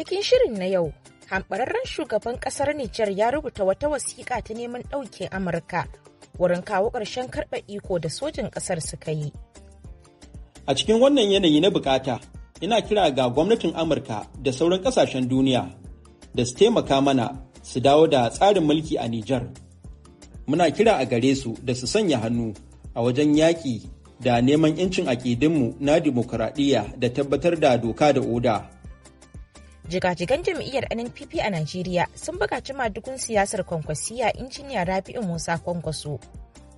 cikin shirin na yau, hamɓararren shugaban ƙasar Nijar ya rubuta wata wasiƙa ta neman ɗauke Amurka wurin kawo ƙarshen karɓe iko da sojin ƙasar suka yi. A cikin wannan yanayi na bukata, ina kira ga gwamnatin Amurka da sauran ƙasashen duniya da su taimaka mana su dawo da tsarin mulki a Nijar. Muna kira a gare su da su sanya hannu a wajen yaƙi da neman 'yancin aƙidinmu na dimokuraɗiyya da tabbatar da doka da oda. Jiga-jigan jam'iyyar nnpp a najeriya sun bukaci madugun siyasar kwankwasiya injiniya rabi'u musa kwankwaso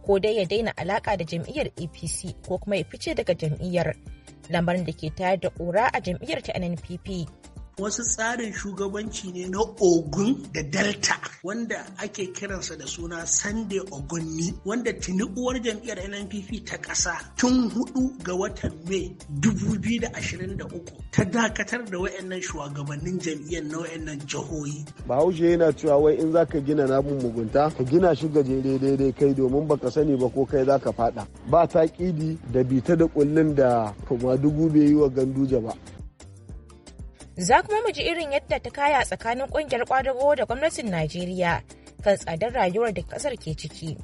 ko dai ya daina alaƙa da jam'iyyar apc ko kuma ya fice daga jam'iyyar lamarin da ke tayar da ƙura a jam'iyyar ta nnpp wasu tsarin shugabanci ne na ogun da delta wanda ake kiransa da suna sunday ogunni wanda tuni uwar jam'iyyar nnpp ta ƙasa tun hudu ga watan mai 2023 ta dakatar da wayannan shugabannin jam'iyyar na wayannan jihohi bahaushe yana cewa wai in zaka gina namun mugunta ka gina shi gajere daidai kai domin baka sani ba ko kai zaka fada ba ta kidi da bita da kullun da kuma dubu bai yi wa ganduja ba Za kuma mu ji irin yadda ta kaya tsakanin kungiyar kwadago da gwamnatin Najeriya kan tsadar rayuwar da kasar ke ciki.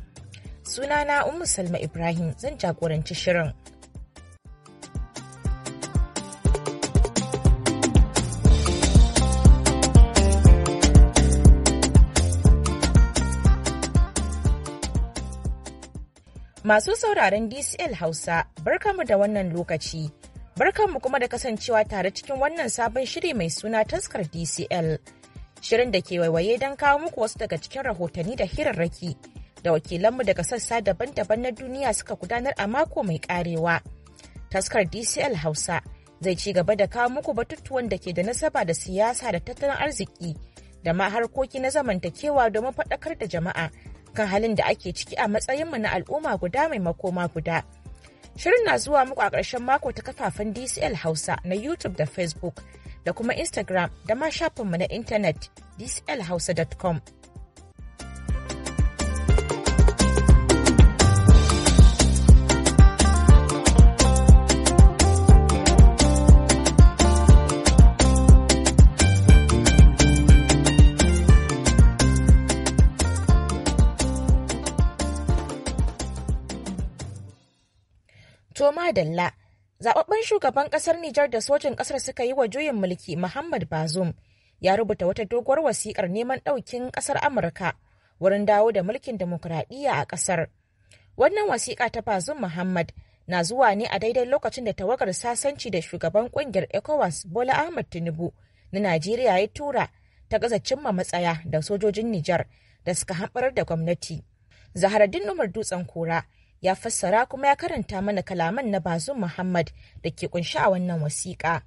Sunana Ummu Salma Ibrahim zan jagoranci shirin. Masu sauraron DCL Hausa, barkamu da wannan lokaci. Barkanmu kuma da kasancewa tare cikin wannan sabon shiri mai suna taskar DCL. Shirin da ke waiwaye don kawo muku wasu daga cikin rahotanni da hirarraki da wakilanmu daga sassa daban-daban na duniya suka gudanar a mako mai karewa. Taskar DCL Hausa zai ci gaba da kawo muku batutuwan da ke da nasaba da siyasa da tattalin arziki da ma harkoki na zamantakewa domin faɗakar da jama'a kan halin da ake ciki a matsayinmu na al'umma guda mai makoma guda. Shirin na zuwa muku a ƙarshen mako ta kafafen DCL Hausa na YouTube da Facebook da kuma Instagram da ma shafinmu na intanet dclhausa.com. adalla Zababben shugaban ƙasar Nijar da sojin ƙasar suka yi wa juyin mulki Muhammad Bazoum ya rubuta wata doguwar wasiƙar neman ɗaukin ƙasar Amurka wurin dawo da mulkin demokuraɗiyya a ƙasar. Wannan wasiƙa ta Bazoum Muhammad na zuwa ne a daidai lokacin da tawagar sasanci da shugaban ƙungiyar ECOWAS Bola Ahmed Tinubu na Najeriya ya tura ta gaza cimma matsaya da sojojin Nijar da suka hamɓarar da gwamnati. Zaharaddin Umar Dutsen Kura ya fassara kuma ya karanta mana kalaman na bazum muhammad da ke kunshi a wannan wasiƙa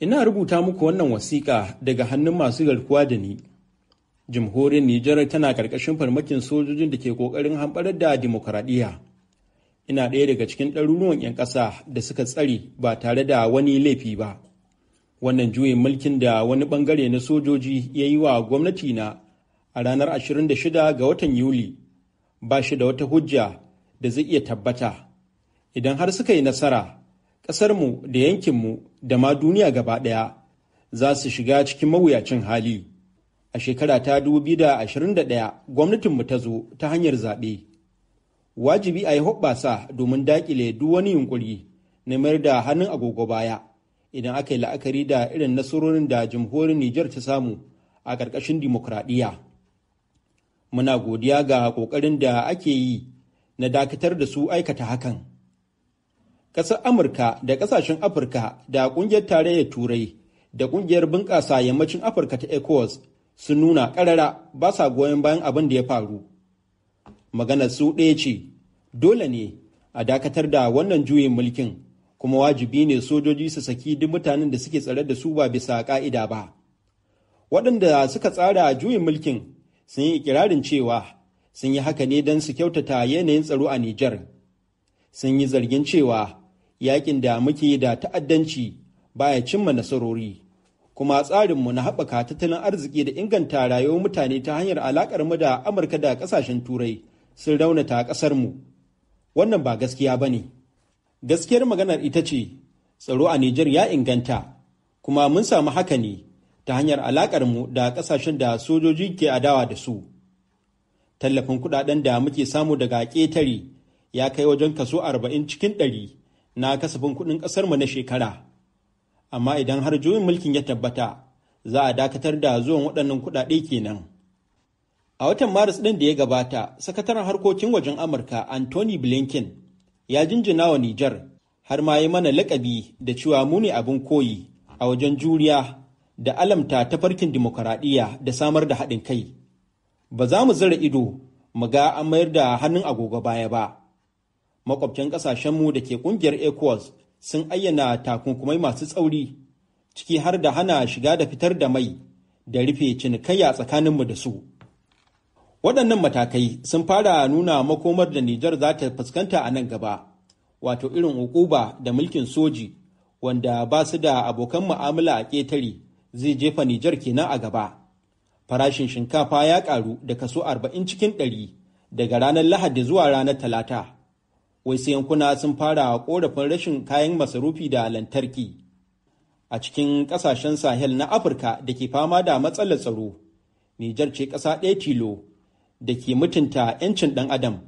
ina rubuta muku wannan wasiƙa daga hannun masu garkuwa da ni jamhuriyar nijar tana ƙarƙashin farmakin sojojin da ke ƙoƙarin hamɓarar da dimokuraɗiyya ina ɗaya daga cikin ɗaruruwan 'yan ƙasa da suka tsare ba tare da wani laifi ba wannan juyin mulkin da wani ɓangare na sojoji ya yi wa gwamnati na a ranar 26 ga watan yuli ba shi da wata hujja da zai iya tabbata idan har suka yi nasara ƙasarmu da yankinmu da ma duniya gaba ɗaya za su shiga cikin mawuyacin hali a shekara ta 2021 gwamnatinmu ta zo ta hanyar zaɓe wajibi a yi hoɓɓasa domin daƙile duk wani yunƙuri na mayar da hannun agogo baya idan aka yi la'akari da irin nasarorin da jamhuriyar Nijar ta samu a ƙarƙashin dimokuraɗiyya. muna godiya ga ƙoƙarin da ake yi na dakatar da su aikata hakan. Ƙasar Amurka da ƙasashen Afirka da ƙungiyar tarayyar Turai da ƙungiyar bunƙasa yammacin Afirka ta ECOWAS sun nuna ƙarara ba sa goyon bayan abin da ya faru. Maganar su ɗaya ce, dole ne a dakatar da wannan juyin mulkin kuma wajibi ne sojoji su saki duk mutanen da suke tsare da su ba bisa ƙa'ida ba. Waɗanda suka tsara juyin mulkin sun yi ikirarin cewa sun yi haka ne don su kyautata yanayin tsaro a Nijar. Sun yi zargin cewa yakin da muke da ta'addanci baya cimma nasarori, kuma tsarinmu na haɓaka tattalin arziki da inganta rayuwar mutane ta hanyar alaƙar mu da Amurka da ƙasashen Turai sun raunata ƙasar mu Wannan ba gaskiya ba ne. Gaskiyar maganar ita ce, tsaro a Nijar ya inganta, kuma mun samu haka ne ta hanyar alakar mu da kasashen da sojoji ke adawa da su tallafin kudaden da muke samu daga ƙetare ya kai wajen kaso arba'in cikin ɗari na kasafin kuɗin ƙasarmu na shekara amma idan har juyin mulkin ya tabbata za a dakatar da zuwan waɗannan kuɗaɗe kenan. A watan Maris ɗin da ya gabata, sakataren harkokin wajen Amurka Anthony Blinken ya jinjina wa Nijar har ma yi mana lakabi da cewa mu ne abin koyi a wajen juriya da alamta ta farkin dimokuraɗiyya da samar da haɗin kai. Ba za mu zira ido mu ga an mayar da hannun agogo baya ba. Makwabcin ƙasashenmu da ke ƙungiyar ECOWAS sun ayyana takunkumai masu tsauri, ciki har da hana shiga da fitar da mai da rufe cinikayya tsakaninmu da su. Waɗannan matakai sun fara nuna makomar da Nijar za ta fuskanta a nan gaba, wato irin hukuba da mulkin soji wanda ba su da abokan mu'amala a ƙetare. zai jefa Nijar kenan a gaba. Farashin shinkafa ya ƙaru da kaso arba'in cikin ɗari daga ranar Lahadi zuwa ranar Talata. Wasu yankuna sun fara ƙorafin rashin kayan masarufi da lantarki. A cikin ƙasashen Sahel na Afirka da ke fama da matsalar tsaro, Nijar ce ƙasa ɗaya tilo da ke mutunta 'yancin ɗan adam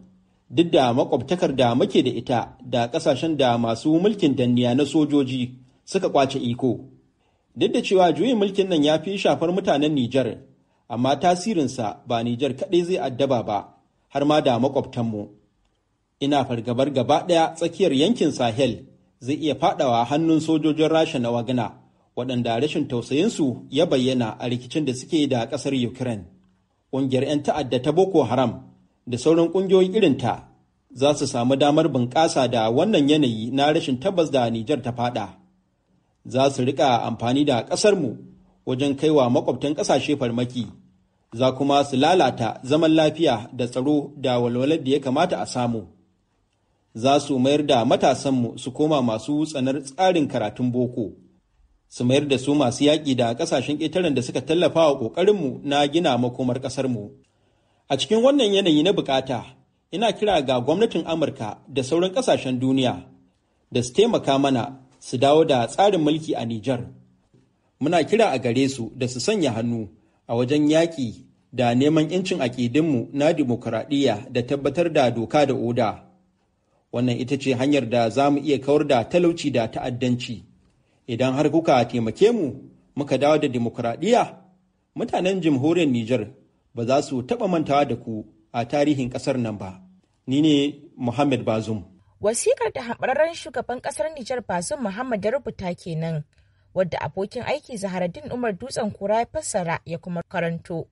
duk da maƙwabtakar da muke da ita da ƙasashen da masu mulkin danniya na sojoji suka kwace iko. Duk da cewa juyin mulkin nan ya fi shafar mutanen Nijar, amma tasirinsa ba Nijar kaɗai zai addaba ba, har ma da makwabtanmu. Ina fargabar gaba ɗaya tsakiyar yankin Sahel zai iya faɗawa hannun sojojin Rasha na Wagna, waɗanda rashin tausayinsu ya bayyana a rikicin da suke da ƙasar Ukraine. Ƙungiyar 'yan ta'adda ta Boko Haram da sauran ƙungiyoyi irinta za su samu damar bunƙasa da wannan yanayi na rashin tabbas da Nijar ta faɗa. za su rika amfani da ƙasarmu wajen kaiwa makwabtan ƙasashe farmaki za kuma su lalata zaman lafiya da tsaro da walwalar da ya kamata a samu za su mayar da matasanmu su koma masu tsanar tsarin karatun boko su mayar da su masu yaƙi da ƙasashen ƙetaren da suka tallafa wa ƙoƙarinmu na gina makomar ƙasarmu a cikin wannan yanayi na bukata ina kira ga gwamnatin amurka da sauran ƙasashen duniya da su taimaka mana su dawo da tsarin mulki a Nijar. Muna kira a gare su da su sanya hannu a wajen yaƙi da neman 'yancin aƙidinmu na dimokuraɗiyya da tabbatar da doka da oda. Wannan ita ce hanyar da za mu iya kawar da talauci da ta'addanci. Idan har kuka taimake mu muka dawo da dimokuraɗiyya, mutanen jamhuriyar Nijar ba za su taɓa mantawa da ku a tarihin ƙasar nan ba. Ni ne Muhammad Bazum. Wasikar da haɓararren shugaban ƙasar Nijar Bazum Muhammad da rubuta kenan, wadda abokin aiki Zaharaddin Umar Dutsen Kura ya fassara ya kuma karanto.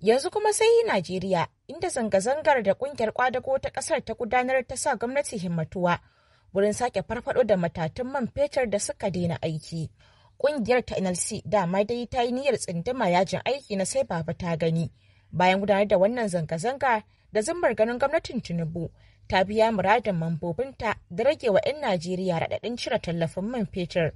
Yanzu kuma sai yi Najeriya, inda zanga-zangar da kungiyar kwadago ta ƙasar ta gudanar ta sa gwamnati himmatuwa wurin sake farfado da matatun man fetur da suka daina aiki. ƙungiyar ta NLC dama dai ta yi niyyar tsindima yajin aiki na sai baba ta gani. Bayan gudanar da wannan zanga-zanga da zumbar ganin gwamnatin Tinubu ta biya muradin mambobinta da rage wa 'yan Najeriya raɗaɗin cire tallafin man fetur.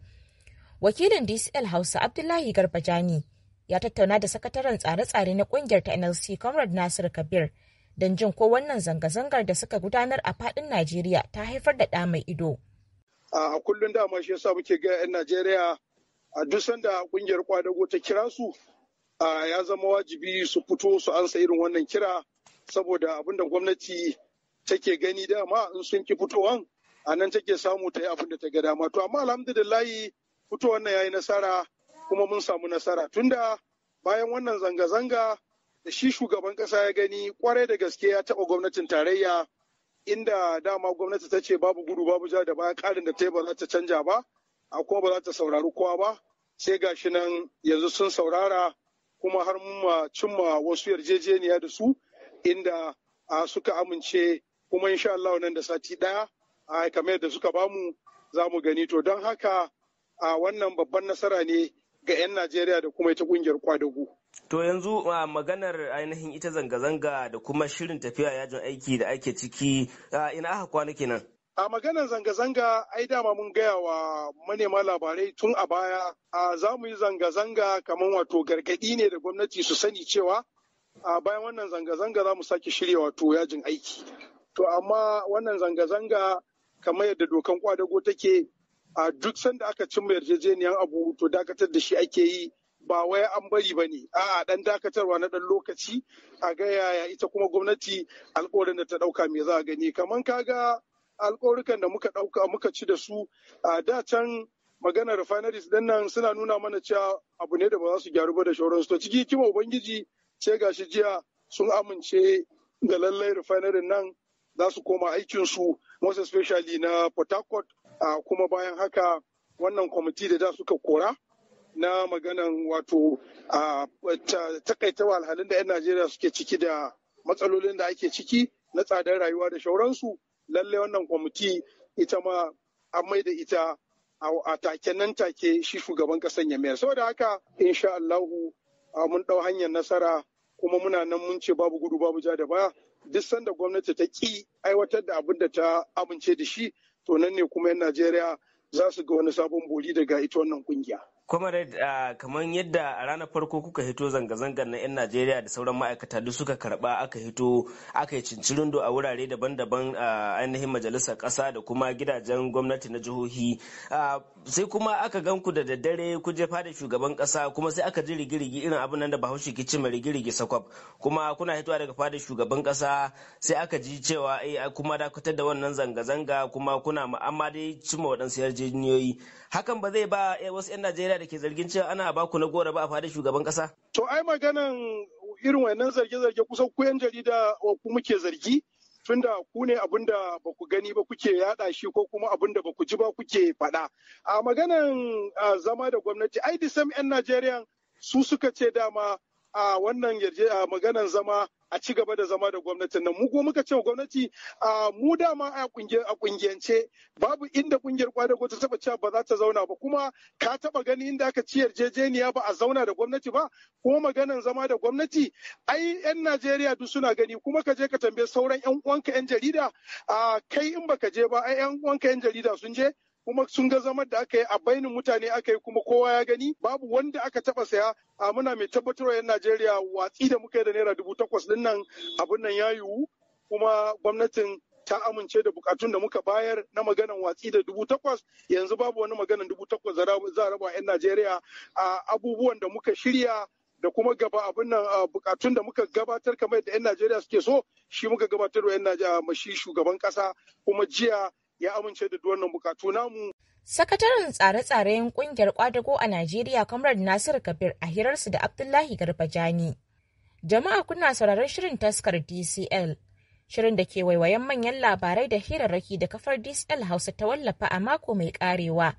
Wakilin DCL Hausa Abdullahi Garbajani ya tattauna da sakataren tsare-tsare na ƙungiyar ta NLC Comrade Nasir Kabir don jin ko wannan zanga-zangar da suka gudanar a faɗin Najeriya ta haifar da ɗa mai ido. A kullum dama shi yasa muke ga 'yan Najeriya a duk sanda ƙungiyar kwadago ta kira su ya zama wajibi su fito su ansa irin wannan kira saboda abin da gwamnati take gani dama in sun ki fitowan a nan take samu ta yi abin da ta ga dama to amma alhamdulillahi fitowan nan yi nasara kuma mun samu nasara tunda bayan wannan zanga-zanga da shi shugaban kasa ya gani kwarai da gaske ya taba gwamnatin tarayya inda dama gwamnati ta ce babu gudu babu ja da baya karin da ta yi ba za ta canja ba a kuma ba za ta saurari kowa ba sai gashi nan yanzu sun saurara kuma har mun cimma wasu yarjejeniya da su inda a suka amince kuma insha Allah nan da sati ɗaya a kamar yadda suka bamu za mu gani to don haka a wannan babban nasara ne ga 'yan Najeriya da kuma ita kungiyar kwadago. To yanzu maganar ainihin ita zanga-zanga da kuma shirin tafiya yajin aiki da ake ciki ina aka kwana kenan. A maganar zanga-zanga ai dama mun gaya wa manema labarai tun a baya a za mu yi zanga-zanga kamar wato gargaɗi ne da gwamnati su sani cewa a bayan wannan zanga-zanga za mu sake shirya wato yajin aiki. to amma wannan zanga-zanga kamar yadda dokan kwadago take a duk sanda aka cimma yarjejeniyar abu to dakatar da shi ake yi ba wai an bari ba ne a'a dan dakatarwa na dan lokaci a ga yaya ita kuma gwamnati alƙawarin da ta ɗauka me za a gani kamar kaga alƙawarukan da muka ɗauka muka ci da su a da can maganar refineries din nan suna nuna mana cewa abu ne da ba za su gyaru ba da su to ciki kima ubangiji ce gashi jiya sun amince da lallai refinery nan za su koma aikinsu most especially na port harcourt uh, kuma bayan haka wannan kwamiti da da suka kora na maganan wato uh, takaita alhalin da 'yan najeriya suke ciki da matsalolin da ake ciki na tsadar rayuwa da shauransu lallai wannan kwamiti ita ma an mai da ita a take nan take shi shugaban kasan ya mayar saboda haka insha Allahu mun ɗau hanyar nasara kuma muna nan mun ce babu gudu babu ja da baya duk sanda gwamnati ta ƙi aiwatar da abin da ta amince da shi to nan ne kuma 'yan najeriya za su ga wani sabon boli daga ita wannan kungiya. Comrade uh, kamar yadda a ranar farko kuka hito zanga-zangar na 'yan Najeriya da sauran ma'aikata duk suka karba aka hito aka yi cincirindo a wurare daban-daban a uh, ainihin majalisar ƙasa da kuma gidajen gwamnati na jihohi. Uh, sai kuma aka ganku da daddare ku je fada shugaban ƙasa kuma sai aka ji rigirigi irin abin nan da Bahaushe kici mai rigirigi sakwab kuma kuna hitowa daga fada shugaban ƙasa sai aka ji cewa eh kuma dakatar da wannan zanga-zanga kuma kuna amma dai cimma waɗansu yarjejeniyoyi hakan ba zai ba eh, wasu 'yan najeriya da ke zargin cewa ana ba ku na gora ba a fadar shugaban kasa to ai maganan irin wannan zarge-zarge kusan ku 'yan jarida wa ku muke zargi tunda ku ne abin da ba ku gani ba kuke yaɗa shi ko kuma abin da ba ku ji ba kuke faɗa a maganan ah, zama da gwamnati ai disam 'yan najeriya su suka ce dama a wannan yarje a maganan zama a ci gaba da zama da gwamnatin nan mu ko muka ce gwamnati mu dama a kungiyance babu inda kungiyar kwadago ta taba cewa ba za ta zauna ba kuma ka taba gani inda aka ci yarjejeniya ba a zauna da gwamnati ba ko maganan zama da gwamnati ai yan Najeriya duk suna gani kuma ka je ka tambaye sauran yan uwanka yan jarida kai in baka je ba ai yan uwanka yan jarida sun je kuma sun ga zama da aka yi a bainin mutane aka yi kuma kowa ya gani babu wanda aka taba saya a muna mai tabbatarwa yan Najeriya watsi da muka yi da naira dubu takwas din nan abin nan ya yiwu kuma gwamnatin ta amince da bukatun da muka bayar na maganan watsi da dubu takwas yanzu babu wani maganan dubu takwas za a raba yan Najeriya a abubuwan da muka shirya da kuma gaba abin nan bukatun da muka gabatar kamar da 'yan Najeriya suke so shi muka gabatar wa 'yan Najeriya shi shugaban kasa kuma jiya ya amince da duk wannan bukatu namu. Sakataren tsare-tsaren kungiyar kwadago a Najeriya Comrade Nasir Kabir a hirarsu da Abdullahi Garba Garbajani. Jama'a kuna sauraron shirin taskar DCL. Shirin da ke waiwayen manyan labarai da hirarraki da kafar DCL Hausa ta wallafa a mako mai karewa.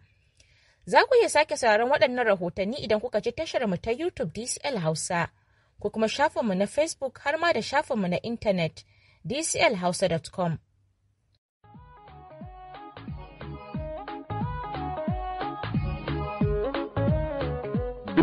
Za ku iya sake sauraron waɗannan rahotanni idan kuka ji tashar mu ta YouTube DCL Hausa ko kuma shafinmu na Facebook har ma da shafinmu na intanet dclhausa.com.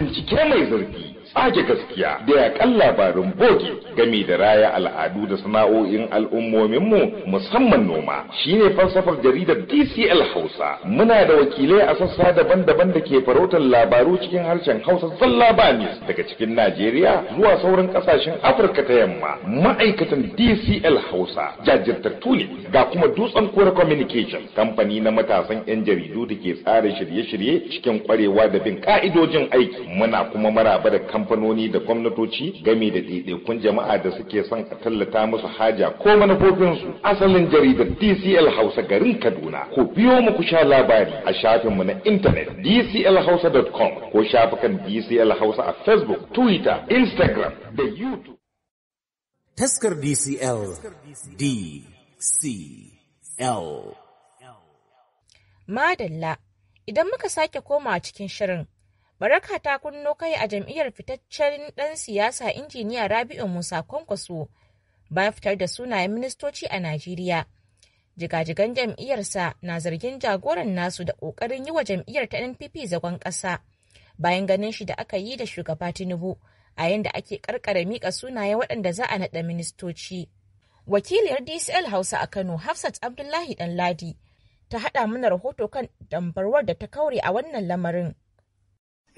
bincike mai zurfi ɓace gaskiya da ya kan labarin boge gami da raya al'adu da sana'o'in al'ummominmu musamman noma shine falsafar jaridar DCL Hausa muna da wakilai a sassa daban-daban da ke farautar labaru cikin harshen Hausa zalla bani. daga cikin Najeriya zuwa sauran kasashen Afirka ta yamma ma'aikatan DCL Hausa jajirtattu ne ga kuma dutsen kore communication kamfani na matasan 'yan jaridu da ke tsara shirye-shirye cikin kwarewa da bin ka'idojin aiki muna kuma maraba da kamfani kamfanoni da gwamnatoci gami da ɗaiɗaikun jama'a da suke son a tallata musu haja ko manufofinsu asalin jaridar DCL Hausa garin Kaduna ko biyo mu ku sha labari a shafinmu na intanet dclhausa.com ko shafukan DCL Hausa a Facebook, Twitter, Instagram da YouTube. Taskar DCL DCL Madalla idan muka sake koma cikin shirin Baraka ta kunno kai a jam'iyyar fitaccen ɗan siyasa injiniya Rabi'u Musa Kwankwaso bayan fitar da sunayen ministoci a Najeriya. Jigajigan jam'iyyarsa na zargin jagoran nasu da ƙoƙarin yi wa jam'iyyar ta NPP zagon ƙasa bayan ganin shi da aka yi da shugaba Tinubu a yadda ake karkara miƙa sunayen waɗanda za a naɗa ministoci. Wakiliyar DCL Hausa a Kano Hafsat Abdullahi Ɗanladi ta haɗa mana rahoto kan dambarwar da ta kaure a wannan lamarin.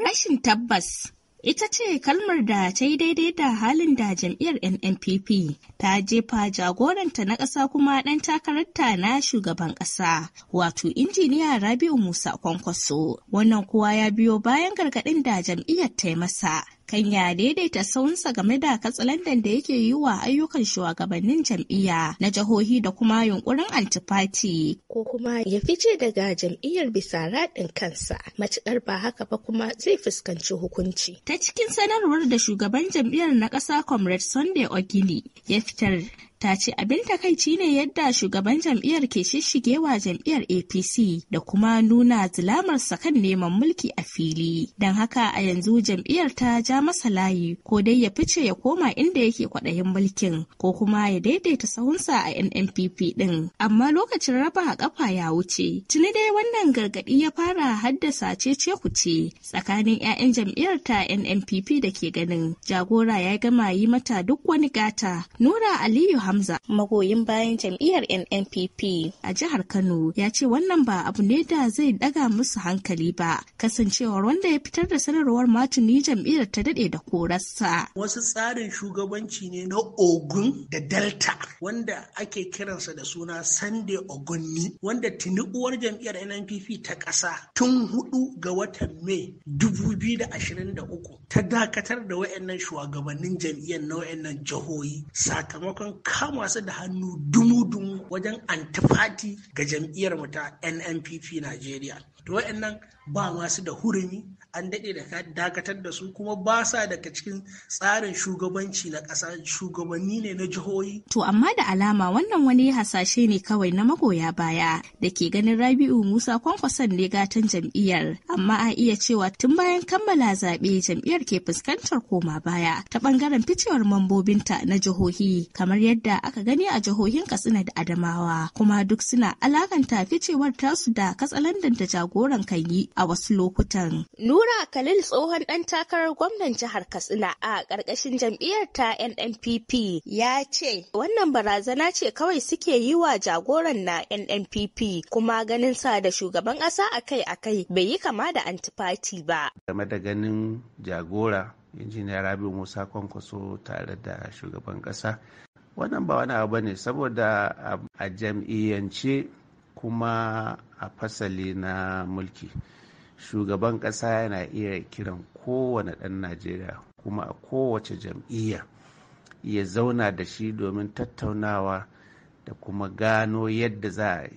Rashin tabbas ita ce kalmar da ta yi daidai da halin da jam'iyyar nnpp ta jefa jagoranta na ƙasa kuma ɗan takararta na shugaban ƙasa wato injiniya rabiu musa kwankwaso wannan kowa ya biyo bayan gargaɗin da jam'iyyar ta yi masa kan ya daidaita saunsa game da katsalandan da yake yi wa ayyukan shugabannin jam'iyya na jihohi da kuma yunkurin antifati. Ko kuma ya fice daga jam'iyyar bisa raɗin kansa matuƙar ba haka ba kuma zai fuskanci hukunci. Ta cikin sanarwar da shugaban jam'iyyar na ƙasa Comrade Sunday Ogini ya fitar ta ce abin takaici ne yadda shugaban jam'iyyar ke shishigewa jam'iyyar apc da kuma nuna zilamarsa kan neman mulki a fili don haka a yanzu jam'iyyar ta ja masa layi ko dai ya fice ya koma inda yake kwaɗayin mulkin ko kuma ya daidaita sahunsa a nnpp ɗin amma lokacin raba a kafa ya wuce tuni dai wannan gargaɗi ya fara haddasa cece ce. tsakanin 'ya'yan jam'iyyar ta nnpp da ke ganin jagora ya gama yi mata duk wani gata nura aliyu Hamza magoyin bayan jam'iyyar NNPP a jihar Kano ya ce wannan ba abu ne da zai daga musu hankali ba kasancewar wanda ya fitar da sanarwar matuni jam'iyyar ta dade da korarsa. Wasu tsarin shugabanci ne na Ogun da Delta wanda ake kiransa da suna Sunday Ogunni wanda tuni uwar jam'iyyar NNPP ta ƙasa tun hudu ga watan Mai uku, ta dakatar da wa'annan shugabannin jam'iyyar na wa'annan jihohi sakamakon kama su da hannu dumu-dumu wajen antifati ga jam'iyyar mu ta NNPP Najeriya. To waɗannan ba masu da hurumi an daɗe da dakatar da su kuma ba sa daga cikin tsarin shugabanci na ƙasa shugabanni ne na jihohi. To amma da alama wannan wani hasashe ne kawai na magoya baya da ke ganin Rabi'u Musa kwankwason ne gatan jam'iyyar amma a iya cewa tun bayan kammala zaɓe jam'iyyar ke fuskantar koma baya ta ɓangaren ficewar mambobinta na jihohi kamar yadda aka gani a jihohin Katsina da Adamawa kuma duk suna alakanta ficewar tasu da katsalandan da jagoran kan yi a wasu lokutan. Nura Khalil tsohon ɗan takarar gwamnan jihar Katsina a ƙarƙashin jam'iyyar ta NNPP ya ce wannan barazana ce kawai suke yi wa jagoran na NNPP kuma ganin sa da shugaban ƙasa akai-akai bai yi kama da antifati ba. Game da ganin jagora injiniya Rabi Musa Kwankwaso tare da shugaban ƙasa wannan ba wani abu ne saboda a jam'iyyance kuma a fasali na mulki. shugaban ƙasa yana iya kiran kowane ɗan najeriya kuma a kowace jam'iyya ya zauna da shi domin tattaunawa da kuma gano yadda za a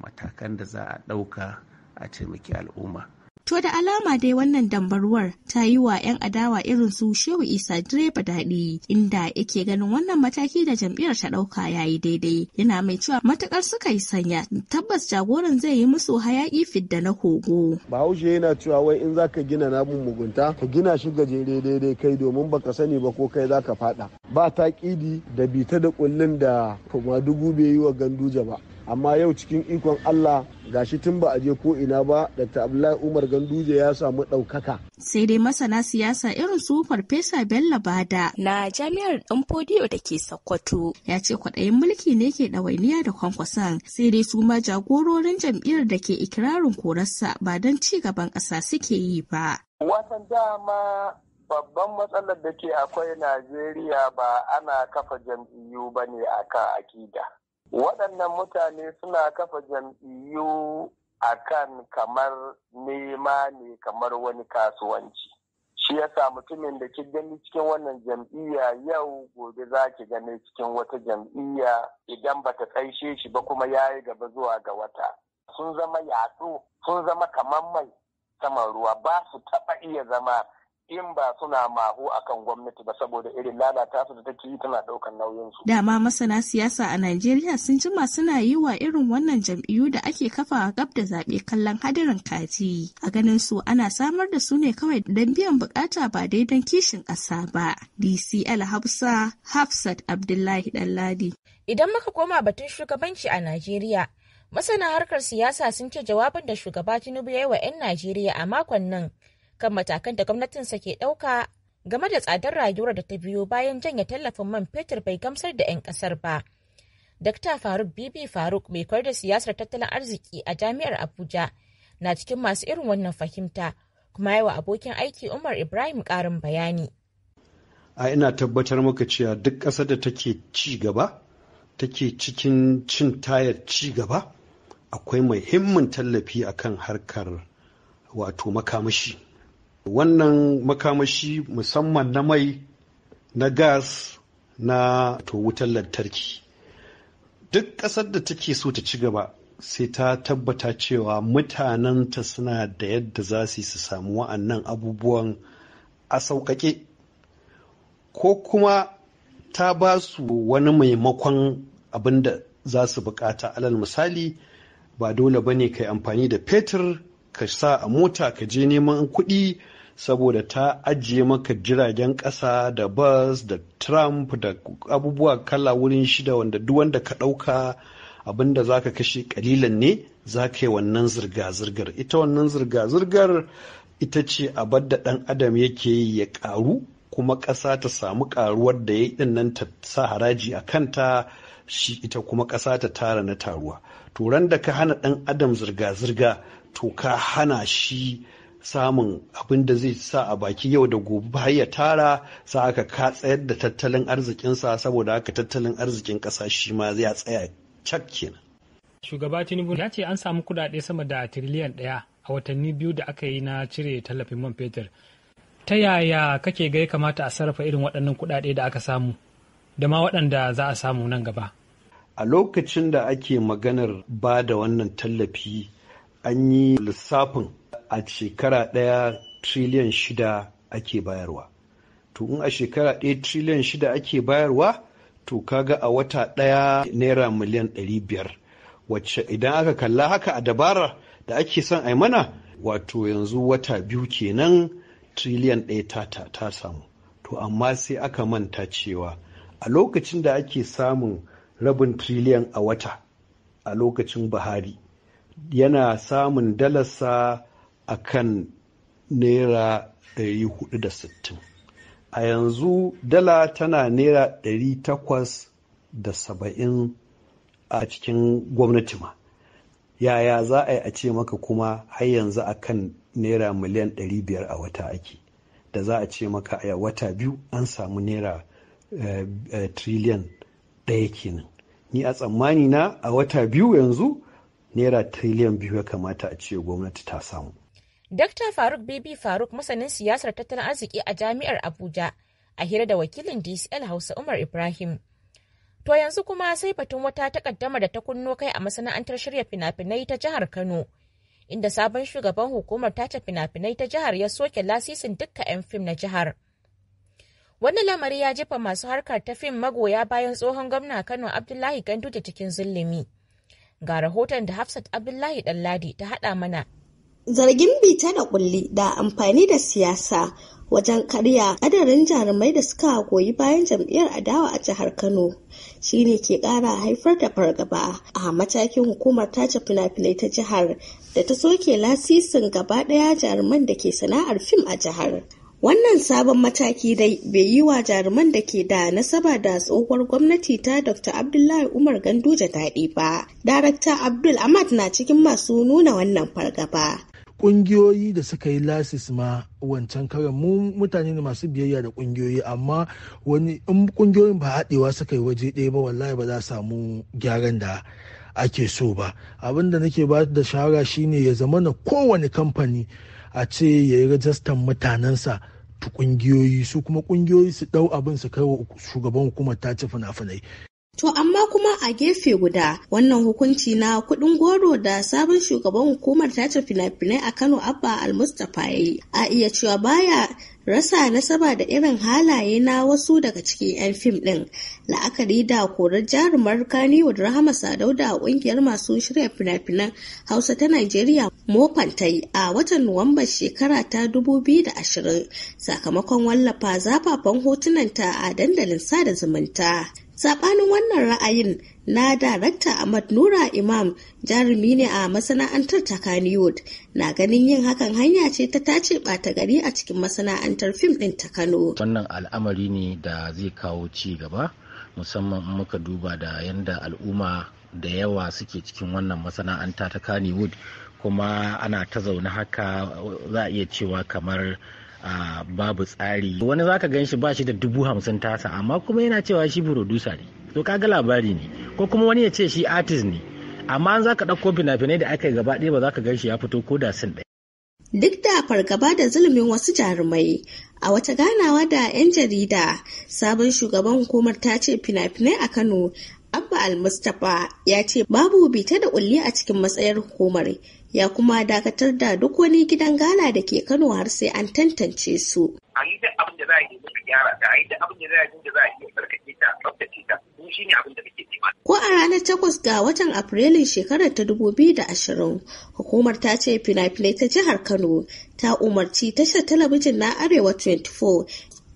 matakan da za a ɗauka a taimaki al'umma To da alama dai wannan dambarwar, ta yi wa 'yan adawa irin su Shehu Isa direba daɗi inda yake ganin wannan mataki da jam'iyyar ta ɗauka ya yi daidai yana mai cewa Matuƙar suka yi sanya tabbas jagoran zai yi musu hayaƙi fidda na kogo. Bahaushe yana cewa wai in zaka gina namun mugunta ka gina shi gajere daidai kai domin baka sani ba ko kai za ka faɗa. Ba taƙidi da bita da ƙullin da kuma dubu bai yi wa ganduja ba. amma yau cikin ikon Allah gashi tun ba a je ko ina ba da Abdullahi Umar Ganduje ya samu ɗaukaka. Sai dai masana siyasa irin su Farfesa Bello Bada na jami'ar ɗan fodiyo da ke Sokoto ya ce kwaɗayin mulki ne ke ɗawainiya da kwankwason sai dai su ma jagororin jam'iyyar da ke ikirarin korarsa ba don ci gaban ƙasa suke yi ba. Watan dama babban matsalar da ke akwai Najeriya ba ana kafa jam'iyyu ba ne a kan akida. waɗannan mutane suna kafa jam'iyyu a kan kamar nema ne kamar wani kasuwanci shi yasa mutumin da ki gani cikin wannan jam'iyya yau gobe za ki gani cikin wata jam'iyya idan ba ta tsaishe shi ba kuma ya yi gaba zuwa ga wata sun zama yatsu sun zama kamar mai saman ruwa ba su taɓa iya zama in ba suna mahu akan gwamnati ba saboda irin lalata su da take yi tana daukan nauyin su. Dama masana siyasa a Najeriya sun jima suna yi wa irin wannan jam'iyyu da ake kafa gab da zaɓe kallon hadirin kaji. A ganin su ana samar da su ne kawai don biyan bukata ba daidan kishin ƙasa ba. DCL Hausa Hafsat Abdullahi Ɗanladi. Idan muka koma batun shugabanci a Najeriya, masana harkar siyasa sun ce jawabin da shugaba Tinubu ya yi wa 'yan Najeriya a makon nan kan matakan da gwamnatinsa ke ɗauka game da tsadar rayuwar da ta biyo bayan janye tallafin man fetur bai gamsar da 'yan ƙasar ba. Dakta Faruk Bibi Faruk mai koyar da siyasar tattalin arziki a Jami'ar Abuja na cikin masu irin wannan fahimta kuma yawa abokin aiki Umar Ibrahim ƙarin bayani. A ina tabbatar maka cewa duk ƙasar da take ci gaba take cikin cin tayar ci gaba akwai muhimmin tallafi akan harkar wato makamashi. wannan makamashi musamman na mai na gas na to wutar lantarki duk ƙasar da take so ta ci gaba sai ta tabbata cewa mutanenta suna da yadda za su su samu wa'annan abubuwan a sauƙaƙe ko kuma ta ba su wani maimakon abin da za su bukata alal misali ba dole ba ne kai amfani da fetur ka sa a mota ka je neman kuɗi saboda ta ajiye maka jiragen ƙasa da bus da trump da abubuwa kala wurin shida wanda duk wanda ka ɗauka abinda za ka kashe ƙalilan ne za ka yi wannan zirga-zirgar ita wannan zirga-zirgar ita ce abar da ɗan adam yake yi ya ƙaru kuma ƙasa ta samu ƙaruwar da ya yi nan ta sa haraji a kanta shi ita kuma ƙasa ta tara na taruwa turan da ka hana ɗan adam zirga-zirga to ka hana shi samun abin da zai sa a baki yau da gobe har ya tara sa aka ka tsayar da tattalin arzikinsa saboda aka tattalin arzikin ƙasa shi ma zai tsaya cak kenan. Shugaba Tinubu ya ce an samu kuɗaɗe sama da tiriliyan ɗaya a watanni biyu da aka yi na cire tallafin man fetur. Ta yaya kake ga kamata a sarrafa irin waɗannan kuɗaɗe da aka samu da ma waɗanda za a samu nan gaba? A lokacin da ake maganar ba da wannan tallafi an yi lissafin a shekara ɗaya triliyan shida ake bayarwa to in a shekara ɗaya triliyan shida ake bayarwa to kaga a wata ɗaya naira miliyan ɗari biyar wacce idan aka kalla haka a dabara da ake son a mana wato yanzu wata biyu kenan triliyan ɗaya ta, ta, ta samu to amma sai aka manta cewa a lokacin da ake samun rabin triliyan a wata a lokacin buhari yana samun dalarsa a kan naira 460 a yanzu dala tana naira 870 a cikin gwamnati ma yaya za a yi a ce maka kuma har yanzu a kan naira miliyan 500 a wata ake da za a ce maka a wata biyu an samu naira eh, eh, triliyan ɗaya kenan ni a tsammani na a wata biyu yanzu naira tiriliyan biyu ya kamata a ce gwamnati ta samu. Dr. Faruk Bibi Faruk masanin siyasar tattalin arziki a jami'ar Abuja a hira da wakilin DCL Hausa Umar Ibrahim. To yanzu kuma sai batun wata takaddama da ta kunno kai a masana'antar shirya fina-finai ta jihar Kano. Inda sabon shugaban hukumar tace fina-finai ta jihar ya soke lasisin dukka 'yan fim na jihar. Wani lamari ya jefa masu harkar ta fim magoya bayan tsohon gwamna Kano Abdullahi Gandu, da cikin zulumi. Ga rahoton da Hafsat Abdullahi Ɗanladi ta haɗa mana. Zargin bita da kulli da amfani da siyasa wajen karya adarin jarumai da suka goyi bayan jam'iyyar adawa a jihar Kano shine ke ƙara haifar da fargaba a matakin hukumar tace fina-finai ta jihar da ta soke lasisin gaba ɗaya jaruman da ke sana'ar fim a jihar. Wannan sabon mataki dai bai yi wa jaruman da ke da nasaba da tsohuwar gwamnati ta Dr. Abdullahi Umar Ganduje daɗi ba. Darakta Abdul Ahmad na cikin masu nuna wannan fargaba. Ƙungiyoyi da suka yi lasis ma wancan kawai mu mutane ne masu biyayya da ƙungiyoyi amma wani in ƙungiyoyin ba haɗewa suka yi waje ɗaya ba wallahi ba za samu gyaran da ake so ba abin da nake ba da shawara shine ya zama na kowane kamfani a ce ya yi rajistan mutanensa tu kungiyoyi su kuma kungiyoyi su dau abin su kai wa shugaban hukumar ta ci fina-finai To amma kuma a gefe guda wannan hukunci na kuɗin goro da sabon shugaban hukumar tace fina-finai a Kano Abba Al-Mustapha ya yi a iya cewa baya rasa nasaba da irin halaye na wasu daga cikin 'yan fim ɗin la'akari da korar jarumar kaniwood rahama sadau da ƙungiyar masu shirya fina-finan hausa ta nigeria mofantai a watan nuwamba shekara ta 2020 sakamakon wallafa zafafan hotunanta a dandalin sada zumunta Saɓanin wannan ra'ayin na darakta Ahmad Nura Imam jarumi ne a masana'antar takaniwood na ganin yin hakan hanya ce ta tace ɓata gari a cikin masana'antar fim ɗin ta Kano. Wannan al'amari ne da zai kawo ci gaba musamman muka duba da yadda al'umma da yawa suke cikin wannan masana'anta ta Kannywood kuma ana ta zaune haka za a iya cewa kamar babu tsari wani zaka gan shi ba shi da dubu hamsin tasa amma kuma yana cewa shi burodusa ne to kaga labari ne ko kuma wani ya ce shi artist ne amma an zaka ɗauko fina-finai da aka yi gaba ɗaya ba za ka gan shi ya fito ko da sun ɗaya. Duk da fargaba da zulumin wasu jarumai, a wata ganawa da 'yan jarida, sabon shugaban hukumar ta ce fina-finai a Kano Abba Al-Mustapha ya ce babu bita da kulli a cikin matsayar hukumar ya kuma dakatar da duk wani gidan gala da ke Kano har sai an tantance su. A yi da abin da za a yi muka gyara da a yi da abin da za a yi da za a tsaftace ta kuma shi ne abin da muke nema. Ko a ranar takwas ga watan Afrilun shekarar ta dubu biyu da ashirin hukumar ta ce fina-finai ta jihar Kano ta umarci tashar talabijin na Arewa 24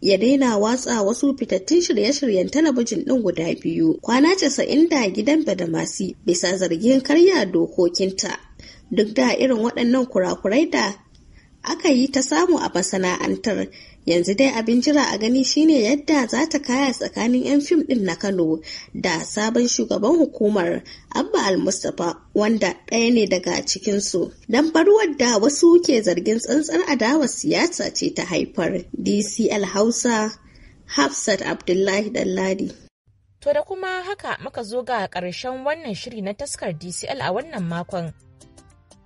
ya daina watsa wasu fitattun shirye-shiryen talabijin ɗin guda biyu kwana casa'in da gidan Badamasi bisa zargin karya dokokinta. Duk da irin waɗannan kurakurai da aka yi ta samu a masana'antar yanzu dai abin jira a gani shine yadda za ta kaya tsakanin 'yan fim din na kano da sabon shugaban hukumar abba al-mustapha wanda ɗaya ne daga cikinsu dan barwar da wasu ke zargin tsantsar adawar siyasa ce ta haifar dcl hausa hafsat abdullahi dalladi to da kuma haka maka zo ga ƙarshen wannan shiri na taskar dcl a wannan makon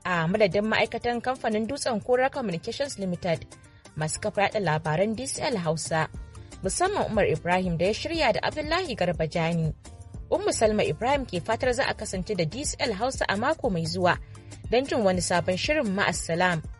a madadin ma'aikatan kamfanin dutsen kura communications limited masu kafa yada labaran DCL Hausa musamman Umar Ibrahim da ya shirya da Abdullahi Garba Jani. Ummu Salma Ibrahim ke fatar za a kasance da dcl Hausa a mako mai zuwa don jin wani sabon shirin ma'assalam.